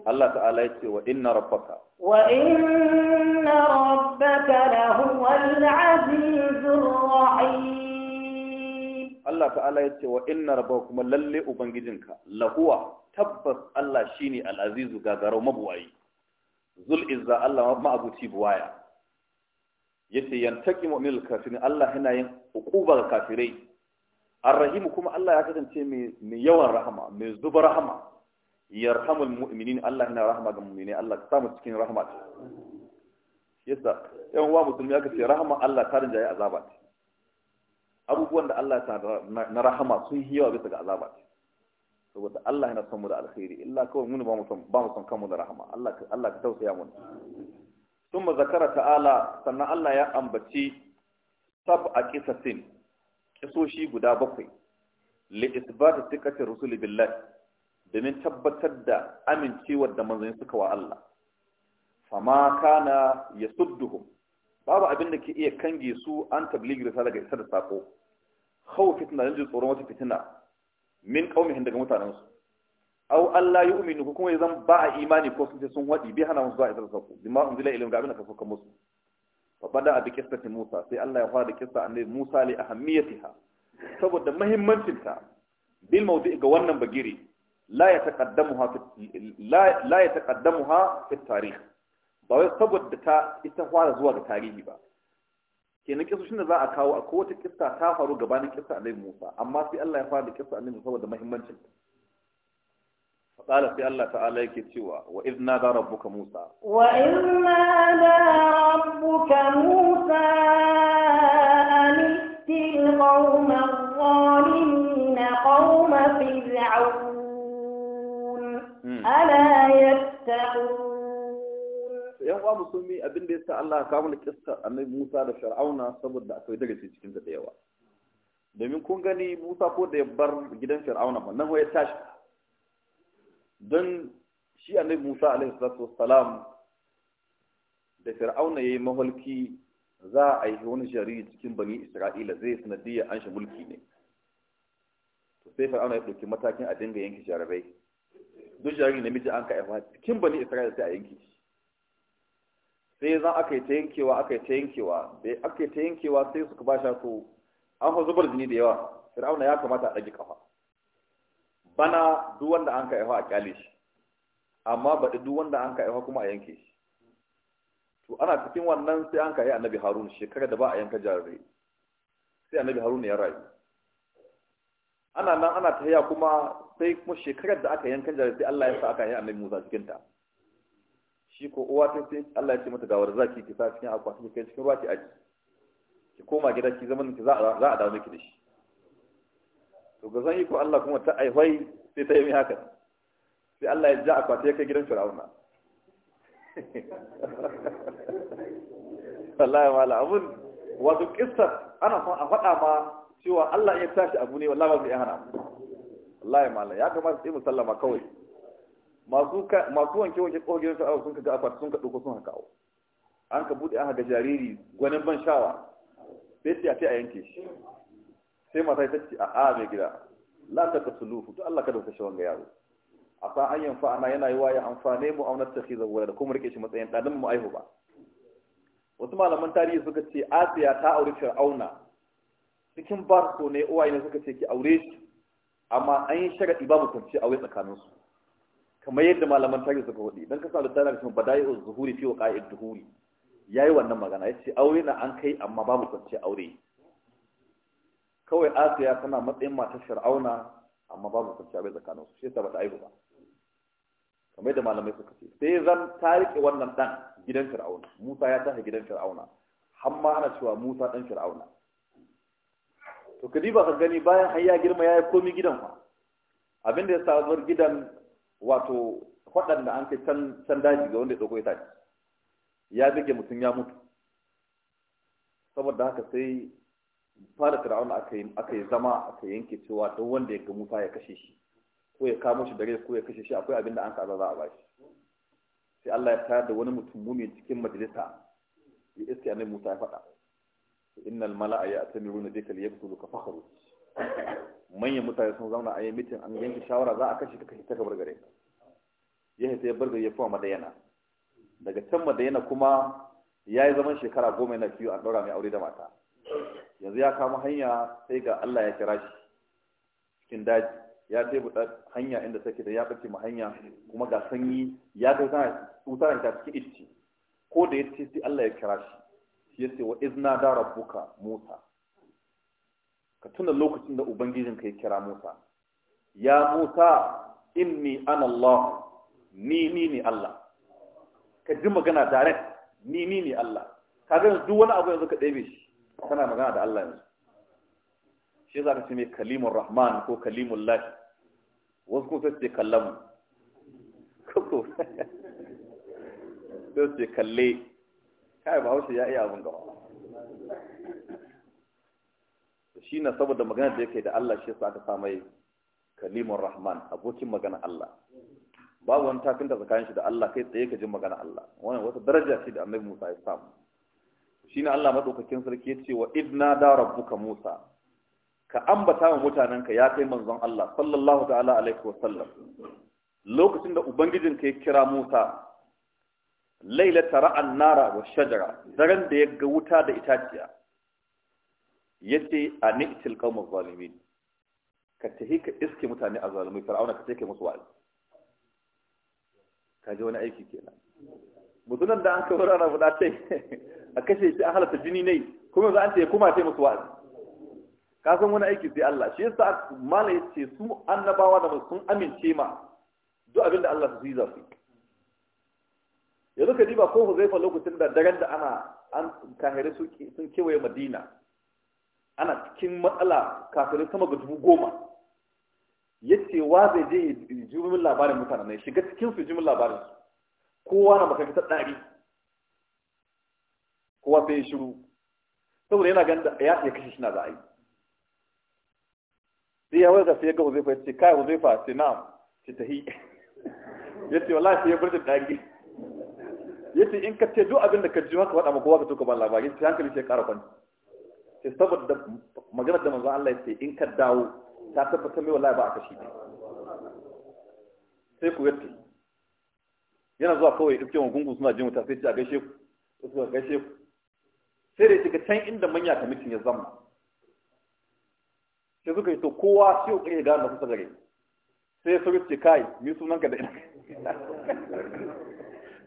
Allah ta'ala ya ce wa inna rabbaka wa inna rabbaka lahuwal azizur rahim Allah ta'ala ya ce wa inna rabba kuma lalle ubangijinka lahuwa tabbas Allah shine al'azizu gagarau mabuwayi zul izza Allah ma'abuci buwaya yace yantaki mu'minul kafirin Allah yana yin uqubar kafirai arrahim kuma Allah ya kasance mai yawan rahama mai zuba rahama yarhamul mu'minin Allah yana rahama ga mu'mini Allah ta samu cikin rahmat yasa yan wa musulmi aka ce rahama Allah ta rinjaye azaba abubuwan da Allah ta na rahama sun yi yawa bisa ga azaba saboda Allah yana son mu da alkhairi illa kawai mun ba mu son mu kanmu da rahama Allah ka Allah ka tausaya mu thumma zakara ta'ala sannan Allah ya ambaci a qisasin Ƙisoshi guda bakwai li isbat thiqati rusul billah domin tabbatar da amincewar da manzanni suka wa Allah fama kana yasudduhum babu abin da ke iya kange su an tabligi risala daga isar da sako khawf fitna dan jin tsoron wata fitina min qaumihin daga mutanen su aw Allah yu'minu ko kuma zan ba a imani ko sun sun wadi bi hana musu ba idan sako bima unzila ilayhim ga abin da saka musu fa bada abi ta Musa sai Allah ya fara qissa annabi Musa li ahammiyatiha saboda muhimmancin ta bil mawdi ga wannan bagiri la ya taqaddamuha la ya taqaddamuha fi tarikh ba wai saboda ta ita fara zuwa ga tarihi ba kenan kisoshin da za a kawo a kowace kisa ta faru gabanin kisa a laifin Musa amma sai Allah ya fara da kisa a Musa saboda muhimmancin ta sai Allah ta'ala yake cewa wa idh nada rabbuka Musa wa idh nada rabbuka Musa an til qawma zalimin qawma fir'aun hmm. ala yattaqun yan uwa musulmi abin da yasa Allah ya kawo da kissa annabi Musa da Fir'auna saboda akwai darasi cikin da yawa domin kun gani Musa ko da ya bar gidan Fir'auna ba nan ya tashi don shi annabi Musa alaihi salatu wassalam da Fir'auna yayi maholki za a yi wani jari cikin bani Isra'ila zai sanadiyya an shi mulki ne to sai Fir'auna ya dauki matakin a dinga yanke jarabai duk jariri namiji an ka aiwa cikin bani Isra'ila sai a yanke shi sai zan aka yi ta yankewa aka yi ta yankewa da aka yi ta yankewa sai suka ba shi su an fa zubar jini da yawa fir'auna ya kamata a ɗage kafa bana duk wanda an ka aiwa a kyale shi amma baɗi duk wanda an ka aiwa kuma a yanke shi to ana cikin wannan sai an ka yi annabi harun shekara da ba a yanka jarirai sai annabi harun ya rayu ana nan ana ta kuma sai kuma shekarar da aka yanka jarirai sai Allah ya sa aka yi annabi Musa cikin ta shi ko uwa ta sai Allah ya ce mata gawar zaki ki sa cikin akwati ki kai cikin ruwa ki aji ki koma gida ki zaman ki za a dawo miki da shi to ga yi ko Allah kuma ta aihwai sai ta yi mai haka sai Allah ya ja akwati ya kai gidan Fir'auna wallahi mala abun wato kissa ana son a faɗa ma cewa Allah ya tashi abu ne wallahi ba zai hana wallahi mala ya kamata sai musallama kawai masu wanke wanke tsohon gidan sha'awa sun kaga akwati sun ka ɗauko sun haka an ka buɗe an haka jariri gwanin ban sha'awa sai ce a ce a yanke shi sai mata ta ce a a mai gida la ta ka sulufu to Allah ka dauka shi wanga yaro a fa an yanfa ana yana yi waye amfane mu auna ta khiza da kuma rike shi matsayin ɗanin mu aihu ba wasu malaman tarihi suka ce Asiya ta aure auna. cikin Barso ne uwaye ne suka ce ki aure shi amma an yi shagadi babu kwanci aure tsakaninsu kamar yadda malaman tarihi suka hudu idan ka sa da tarihi kuma bada'i'u zuhuri fi waqa'id duhuri yayi wannan magana yace aure na an kai amma babu kwance aure kawai Asiya tana matsayin matar shar'auna amma babu kwance aure tsakanin su shi yasa bata aihu ba kamar yadda malamai suka ce sai zan tarike wannan dan gidan shar'auna Musa ya tafi gidan shar'auna har ma ana cewa Musa dan shar'auna to kadi ba ka gani bayan har ya girma ya komi gidan fa abinda ya sa gidan wato waɗanda an kai can daji ga wanda ya ɗauko itace ya bige mutum ya mutu saboda haka sai fara fir'auna aka yi zama aka yanke cewa duk wanda ya ga musa ya kashe shi ko ya kamo shi dare ko ya kashe shi akwai abin da an kaza za a bashi sai Allah ya tayar da wani mutum mumi cikin majalisa ya iske annabi Musa ya faɗa innal mala'a ya'tamiruna bika liyaqtuluka fakhruj manyan mutane sun zauna a yi mitin an yanke shawara za a kashe ka kashe ta kabar gare ya hita ya bar gari ya fi madayana daga can madayana kuma ya yi zaman shekara goma yana fiye an ɗaura mai aure da mata yanzu ya kama hanya sai ga Allah ya kira shi cikin daji ya tebuta hanya inda take da ya ɓace ma hanya kuma ga sanyi ya kai tana tutar ta cikin itti ko da ya ce sai Allah ya kira shi shi ya ce wa izna da rabbuka Musa ka tuna lokacin da ubangijin ka ya kira Musa ya Musa inni an Allah ni ni ne Allah ka ji magana direct ni ni ne Allah ka ga duk wani abu yanzu ka ɗebe shi tana magana da Allah yanzu shi za ka ce mai kalimul rahman ko kalimun lahi wasu kuma sai ce kallamu kako sai ce kalle kai ba hausa ya iya abin gaba shi na saboda magana da yake da Allah shi yasa aka samai kalimar rahman abokin magana Allah babu wani tafinta tsakanin shi da Allah kai tsaye ka jin magana Allah wannan wata daraja ce da annabi Musa ya samu shine Allah madaukakin sarki yace wa idna da rabbuka Musa ka ambata wa mutanenka ya kai manzon Allah sallallahu ta'ala alaihi wa sallam lokacin da ubangijin ka ya kira Musa lailata ra'an nara wa shajara daren da ya ga wuta da itaciya yace anitil az zalimin ka tahi ka iske mutane a zalimai fir'auna ka take musu wa'azi ka ji wani aiki kenan mutunan da an ka wura rabu da tai a kashe shi an halatta jini ne kuma za an ce kuma sai musu wa'azi ka san wani aiki sai Allah shi yasa mala yace su annabawa da sun amince ma duk abin da Allah su zafi yanzu ka diba ko fa lokacin da daren da ana an kahere sun kewaye Madina ana cikin matsala kafin sama ga dubu goma ya ce wa zai je ya jimin labarin mutanen nan shiga cikin su jimin labarin su kowa na ta ɗari kowa sai ya shiru saboda yana ganin da ya ya kashe shi na za a yi sai ya waiga sai ya ga huzaifa ya ce kai huzaifa ce na ce ta hi ya ce wala sai ya bar da ɗari ya ce in ka ce duk abin da ka ji haka waɗa ma kowa ka tuka ban labarin? sai hankali sai ya ƙara kwanci sai saboda maganar da manzon Allah ya ce in ka dawo ta tabbatar mai wallahi ba a kashi ne sai ku yatti yana zuwa kawai iske wa gungun suna jin wuta sai ce a gaishe ku suka gaishe ku sai dai shiga can inda manya ka kamitin ya zama sai suka yi to kowa sai ya kare gane da kusa gare sai ya sauri ce kai mi ka da ina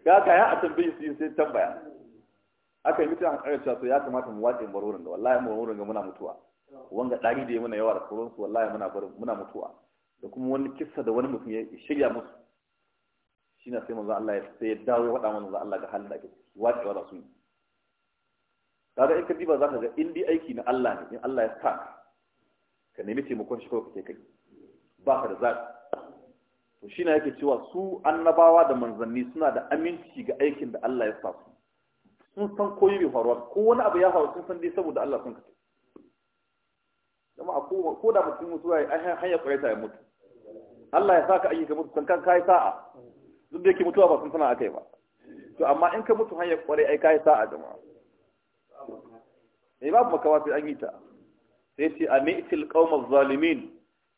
ga ka ya a tambayi su sai tambaya aka yi mutum a ƙarar cewa to ya kamata mu watse barorin ga wallahi mu barorin ga muna mutuwa wanga ɗari da ya muna yawa da sauransu wallahi muna muna mutuwa da kuma wani kissa da wani mutum ya shirya musu shi na sai manzo Allah ya sai ya dawo ya faɗa manzo Allah ga halin da ake ciki watse wa su kaga in ka diba zaka ga in aiki na Allah ne in Allah ya sa ka nemi taimakon shi kawai kake kai ba ka da zaɓi to shi na yake cewa su annabawa da manzanni suna da aminci ga aikin da Allah ya sa su sun san koyi bai faruwa ko wani abu ya faru sun san dai saboda Allah sun kace jama'a ko ko da mutum mutuwa ya hanya kwaita ya mutu Allah ya saka ayyuka mutu san kan kai sa'a duk da yake mutuwa ba sun sana akai ba to amma in ka mutu hanya kware ai kai sa'a jama'a eh babu makawa sai an yi ta sai ce amitil qaumaz zalimin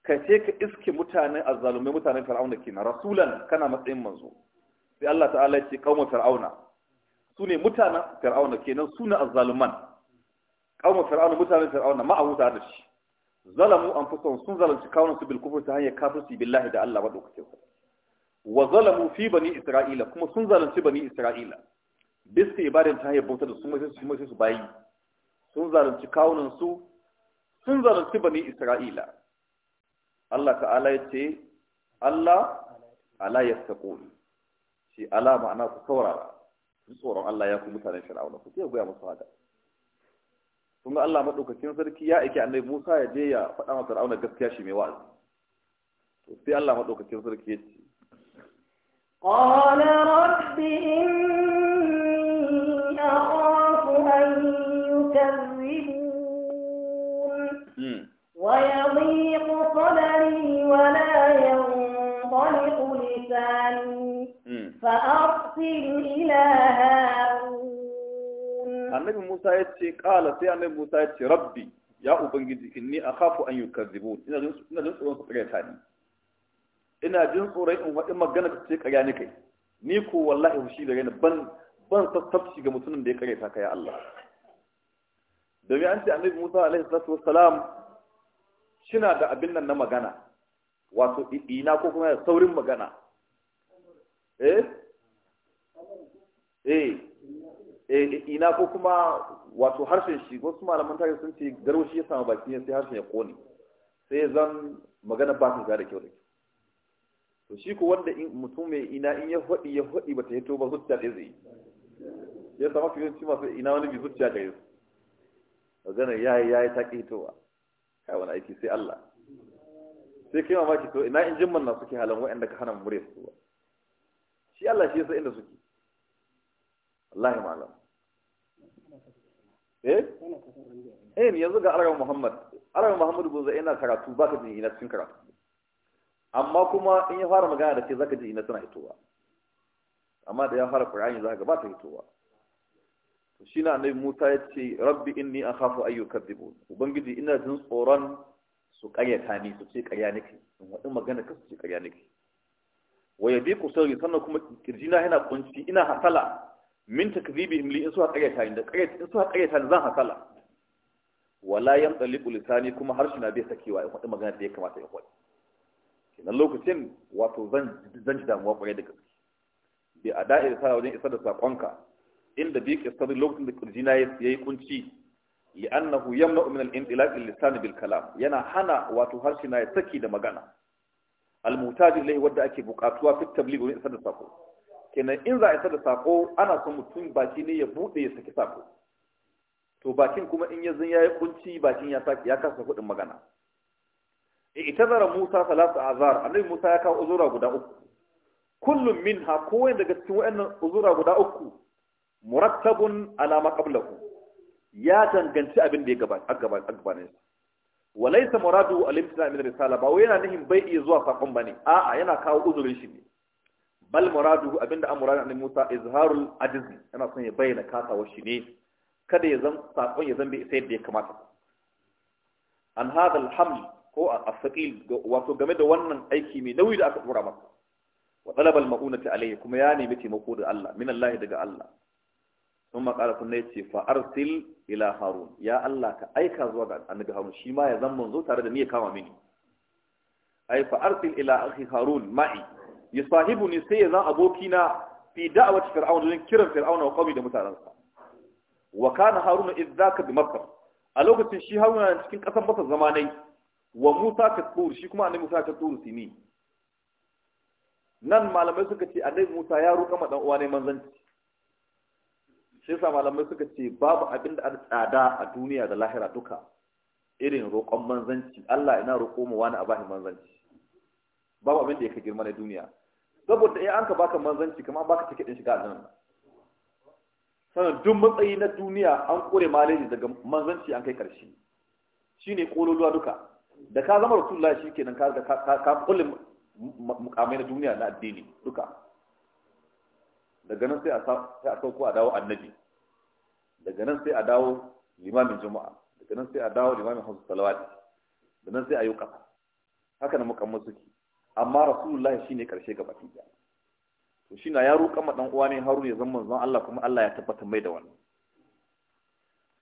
ka ce ka iske mutane azzalumai mutanen fir'auna kenan rasulan kana matsayin manzo sai Allah ta'ala ya ce qaumaz fir'auna su ne mutanen fir'auna kenan su ne azzaluman kauma fir'auna mutanen fir'auna ma'abuta da shi zalamu anfusahum sun zalunci kawunan su bil kufr ta hanyar kafirci billahi da Allah madaukakin ku wa zalamu fi bani isra'ila kuma sun zalunci bani isra'ila bisa ibadan ta hanyar bauta da su mai su mai su bayi sun zalunci kawunan su sun zalunci bani isra'ila Allah ta'ala ya ce Allah ala yastaqul shi ala ma'ana ku saurara su tsoron Allah ya ku mutanen Fir'auna ku sai goya musu haka kun ga Allah madaukakin sarki ya aike annabi Musa ya je ya faɗa wa Fir'auna gaskiya shi mai wa'azi to sai Allah madaukakin sarki ya ce قال رب إني أخاف أن يكذبون ويضيق صدري ولا ينطلق بلساني فأرسل إلى هارون النبي موسى يتشي قال سي النبي موسى يتشي ربي يا أبنجي إني أخاف أن يكذبون إنا جنس أولون سقريتاني إنا جنس أولون إما جنك تشيك أياني نيكو والله وشي لغين بن ban sassafci ga mutumin da ya kare ta ya Allah domin an ce annabi Musa salatu da abin nan na magana wato ina ko kuma saurin magana Eh? Eh. eh eh ina ko kuma wato harshen shi wasu malaman tare sun ce garwashi ya samu baki ne sai harshen ya kone sai zan magana ba ta da kyau da kyau to shi ko wanda in mutum mai ina in ya hodi ya hodi bata hito ba zuciya da zai ya sama samu fiyanci masu ina wani bi zuciya da yau magana ya yi ya yi ta ki hitowa kai wani aiki sai Allah sai kai mamaki to ina in jimman na suke halan wa'anda ka hana mure su ba Allah shi yasa inda suke wallahi malam eh eh yanzu ga arawa Muhammad arawa Muhammad gozo yana karatu baka jin ina cikin karatu amma kuma in ya fara magana da ke zaka ji ina tana hitowa amma da ya fara Qur'ani zaka ga ba ta hitowa to na annabi Musa ya ce rabbi inni akhafu an yukadzibun ubangiji ina jin tsoron su ƙaryata ni su ce ƙarya nake in wadin magana ka su ce ƙarya nake bi ku sauri sannan kuma kirjina yana kunci ina hasala min takdhibihim imli in suka qayyata inda qayyata in suka qayyata zan hasala wala yantaliqu lisani kuma harshe na bai sakewa in faɗi magana da ya kamata ya faɗi kenan lokacin wato zan zan ji damuwa kwarai da gaske bi ada'i da sa wajen isar da sakonka inda bi kisar lokacin da kirjina yayi kunci li'annahu yamna'u min al-intilaq lisani bil kalam yana hana wato harshe na ya saki da magana almutaj ilai wanda ake bukatuwa fit tabligh ne isar da sako kenan in za a isar da sako ana son mutum baki ne ya bude ya saki sako to bakin kuma in ya yi yayi kunci bakin ya saki ya kasa kudin magana e, ita itazara Musa salatu azar annabi Musa ya kawo uzura guda uku kullum minha kowanne daga cikin wayannan uzura guda uku murattabun ala maqablahu ya danganci abin da ya gabata a gabanin sa Walaisa muradu al-imtina min risala ba wai yana nihin bai iya zuwa sakon bane a'a yana kawo uzurin shi ne bal muradu abinda an muradu annabi Musa izharul ajiz yana son ya bayyana kasawar shi ne kada ya zan sakon ya zan bai sai da ya kamata an hada al-haml ko as-saqil wato game da wannan aiki mai nauyi da aka dora masa wa talaba al-ma'unati alayhi kuma ya nemi taimako da Allah min Allah daga Allah sun makala kuma ya ce fa'arsil ila harun ya Allah ka aika zuwa ga annabi harun shi ma ya zan manzo tare da ni ya kama mini ai fa'arsil ila akhi harun ma'i yusahibu ni sai ya zan abokina fi da'awati fir'auna don kiran fir'auna wa qawmi da mutanansa wa kana harun idzaka bi makka a lokacin shi haruna cikin kasar masar zamanai wa musa ka tsuru shi kuma annabi musa ka tsuru sini nan malamai suka ce annabi musa ya roƙa ma dan uwa ne manzanci shi yasa malamai suka ce babu abin da tsada a duniya da lahira duka irin roƙon manzanci Allah ina roƙo mu wani a bashi manzanci babu abin da yake girma na duniya saboda eh an ka baka manzanci kuma baka take din shiga aljanna sanan duk matsayi na duniya an kore maleji daga manzanci an kai karshe shine kololuwa duka da ka zama rasulullahi shikenan ka ka ka kullum mukamai na duniya na addini duka daga nan sai a sauko a dawo annabi daga nan sai a dawo limamin juma'a daga nan sai a dawo limamin hausa salawati da nan sai a yi ƙasa haka na mukamman suke amma rasulullahi shine karshe gaba ɗaya to shi na ya roƙa ma dan uwa ne haru ya zama zan Allah kuma Allah ya tabbata mai da wannan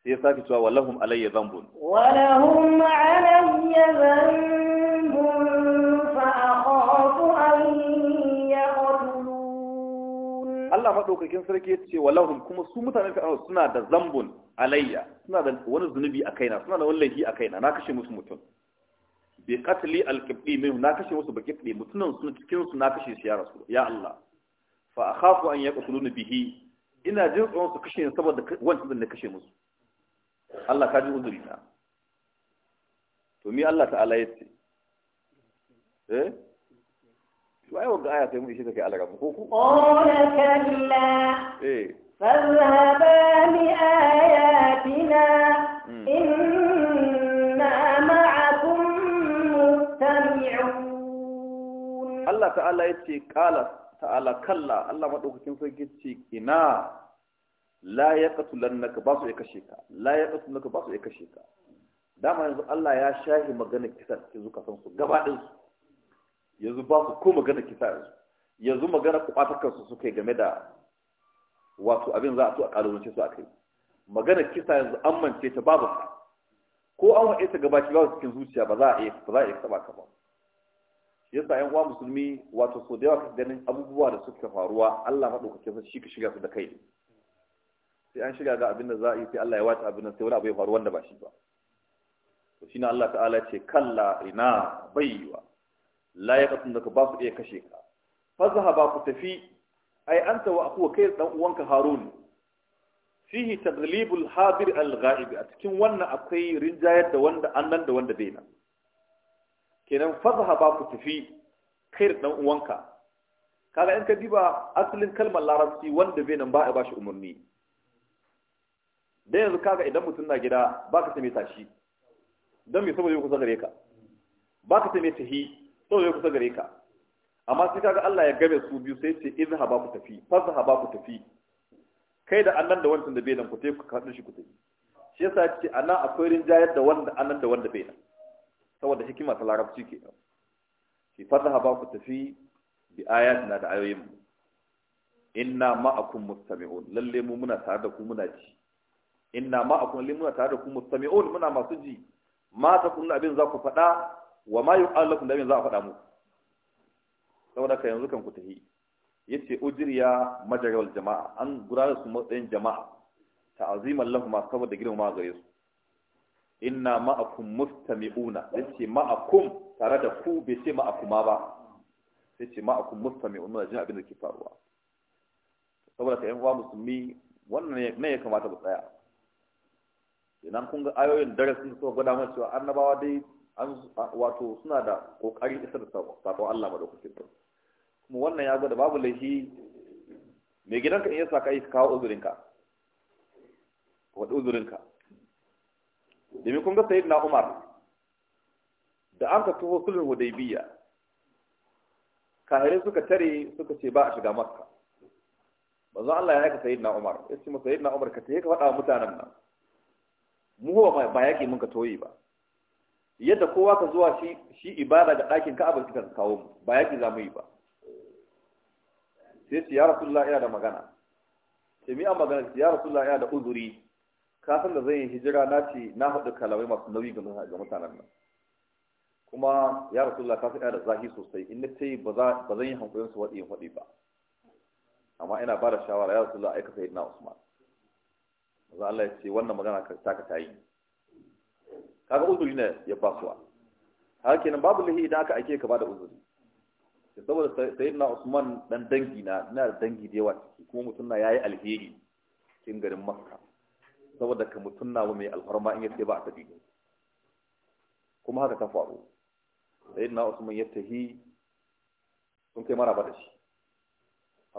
sai ya sake cewa walahum alayya dhanbun walahum alayya zambun Allah maɗaukakin sarki ce walahum kuma su mutanen fir'auna suna da zambun alayya suna da wani zunubi a kaina suna da wani laifi a kaina na kashe musu mutum bi qatli al-qibli minhu na kashe musu baki qibli mutunan su cikin su na kashe shi ya rasu ya Allah fa akhafu an yaqtuluna bihi ina jin tsoron su kashe ni saboda wancan da na kashe musu Allah ka ji uzuri na to mi Allah ta'ala yace eh to ai wanda aya sai mu ishe take kai alarabu ko ku qala kalla eh fadhhaba bi ayatina hmm. inna ma'akum mustami'un Allah ta'ala yace qala ta'ala kalla Allah madaukakin sarki yace ina la yaqtulannaka ba su ya kashe ka la yaqtulannaka ba su ya kashe ka dama yanzu Allah ya shahi magana kisan cikin zukatan su gaba ɗinsu yanzu ba su ko magana kisa yanzu yanzu magana kwatakansu suka yi game da wato abin za a so a ƙalubance su a kai magana kisa yanzu an mance ta babu sa ko an wa'e ta ba su cikin zuciya ba za a iya ba za a iya saba ka ba yasa yan uwa musulmi wato so da yawa ka ganin abubuwa da suka faruwa Allah madaukakin sa shi ka shiga su da kai sai an shiga ga abin da za a yi sai Allah ya wata abin nan sai wani abu ya faru wanda ba shi ba to shine Allah ta'ala ce kalla ina baiwa la ya kasu da ba su iya kashe ka fazaha ba ku tafi ai an tawa akuwa kai dan uwanka harun fihi taglibul habir al ghaib a cikin wannan akwai rinjayar da wanda annan da wanda bai nan kenan fazaha ba ku tafi kai dan uwanka kaga in ka diba asalin kalmar larabci wanda bai nan ba a bashi umarni dan yanzu kaga idan mutum na gida baka ta mai tashi don mai saboda yau kusa gare ka baka ta mai tahi so zai kusa gare ka amma sai kaga Allah ya game su biyu sai ce haba ku tafi haba ku tafi kai da annan da wancan da bai nan ku tafi ku kaɗu shi ku tafi shi yasa yace ana akwai rinjayar da wanda annan da wanda bai nan saboda hikima ta larabci ke ki haba ku tafi bi ayatina da ayoyin mu inna ma'akum mustami'un lalle mu muna tare da ku muna ji inna ma'akum lalle muna tare da ku mustami'un muna masu ji ma ta kullu abin za ku faɗa wa ma yuqalu lakum da yanzu a faɗa mu? saboda ka yanzu kan ku tahi yace ujriya majaral jama'a an gudanar su matsayin jama'a ta'aziman lahum saboda girmama gare su inna ma'akum mustami'una yace ma'akum tare da ku bai ce ma'akuma ba sai ce ma'akum mustami'una jin abin da ke faruwa saboda ka yan uwa musulmi wannan ne ya kamata mu tsaya idan kun ga ayoyin darasin su gwada mana cewa annabawa dai wato suna da kokarin isar da sako Allah madaukakin sarki kuma wannan ya gwada babu laifi mai gidanka in yasa ka yi kawo uzurinka wadda uzurinka domin kun ga sayid na umar da an ka tuho sulhun hudaybiya kahirai suka tare suka ce ba a shiga makka manzo Allah ya aika sayid na umar ya ce masa sayid na umar ka tafi ka faɗa mutanen nan mu ba ba yaƙi mun ka toyi ba yadda kowa ka zuwa shi shi ibada ga ɗakin ka'aba suka kawo mu ba yaki za mu yi ba sai ce ya rasulullah ina da magana ce mi an magana ya rasulullah ina da uzuri ka san da zan yi hijira na ce na haɗu kalamai masu nauyi ga mutanen nan kuma ya rasulullah ka san ina da zahi sosai in na ce ba zan yi hankulin su waɗi in waɗi ba amma ina ba da shawara ya rasulullah aika na usman maza Allah ya ce wannan magana ta ka ta yi kaga uzuri ne ya basuwa haka babu lahi idan aka ake ka bada uzuri saboda sayyidina Usman dan dangi na ina da dangi da yawa kuma Mutunna yayi alheri cikin garin Makka saboda ka Mutunna na mai alfarma in yace ba a tafi kuma haka ta faru sayyidina Usman ya tahi sun kai maraba da shi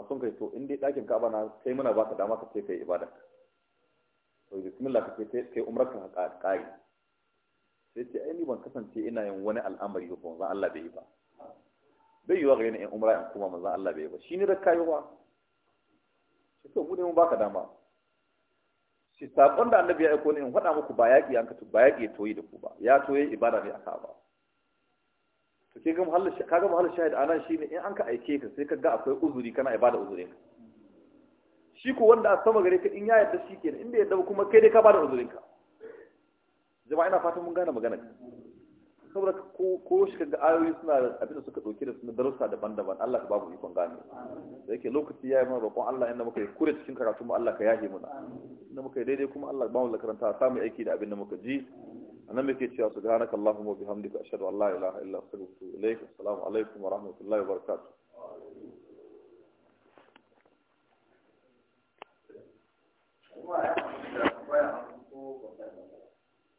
a sun kai to in dai ɗakin Ka'aba na kai muna baka dama ka ce kai ibada to bismillah ka ce kai umrar ka kai sai ce ai ni ban kasance ina yin wani al'amari ba manzon Allah bai yi ba bai yiwa ga yanayin umra in kuma manzon Allah bai yi ba shi ne da kayowa. shi to mu ne mun baka dama shi sakon da annabi ya aiko ne in faɗa muku ba yaƙi an ka ba yaƙi toyi da ku ba ya toye ibada ne aka ba to ke ga muhallin ka ga muhallin shahid anan ne in an ka aike ka sai ka ga akwai uzuri kana ibada uzurin ka shi ko wanda a sama gare ka in ya yarda shi kenan inda ya yarda kuma kai dai ka bada uzurin ka jama'a ina fatan mun gane magana saboda ko shi ga ayoyi suna abin da suka dauke da suna darussa daban-daban Allah ka babu ikon gane da yake lokaci yayi mana roƙon Allah inda muka yi kure cikin karatu mu Allah ka yahe muna inda muka yi daidai kuma Allah ba mu da karanta samu aiki da abin da muka ji anan muke cewa subhanaka allahumma bihamdika ashhadu an la ilaha illa anta astaghfiruka wa atubu assalamu alaikum wa rahmatullahi wa barakatuh Wow.